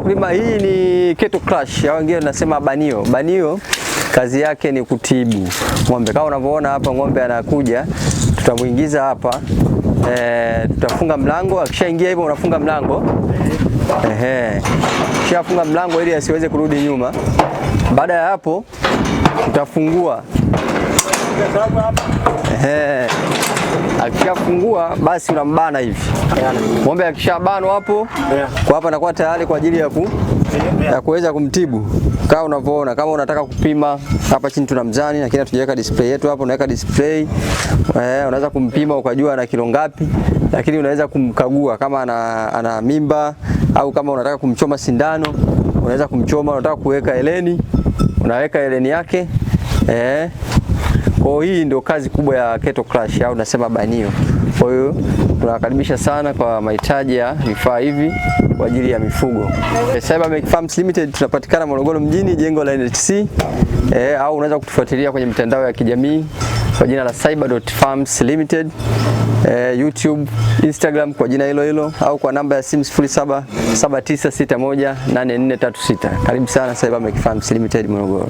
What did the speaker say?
Ndugu wakulima, hii ni Keto Crush au wengine tunasema banio. Banio kazi yake ni kutibu ng'ombe. Kama unavyoona hapa, ng'ombe anakuja, tutamuingiza hapa e, tutafunga mlango. Akishaingia hivyo unafunga mlango ehe, kishafunga mlango ili asiweze kurudi nyuma. Baada ya hapo tutafungua Akishafungua basi unambana hivi ng'ombe, akishabanwa hapo kwa hapa anakuwa tayari kwa ajili ya ku ya kuweza kumtibu kama unavyoona. Kama unataka kupima hapa chini tuna mzani, lakini hatujaweka display yetu hapo. Unaweka display eh, unaweza kumpima ukajua ana kilo ngapi, lakini unaweza kumkagua kama ana, ana mimba au kama unataka kumchoma sindano unaweza kumchoma. Unataka kuweka eleni, unaweka eleni yake eh. Kwa hii ndio kazi kubwa ya Keto Crush au nasema banio. Kwa hiyo tunawakaribisha sana kwa mahitaji ya vifaa hivi kwa ajili ya mifugo. Eh, Cybermec Farms Limited tunapatikana Morogoro mjini, jengo la NHC eh, au unaweza kutufuatilia kwenye mitandao ya kijamii kwa jina la cyber.farms limited eh, YouTube, Instagram kwa jina hilo hilo au kwa namba ya simu 0779618436. Karibu sana Cybermec Farms Limited Morogoro.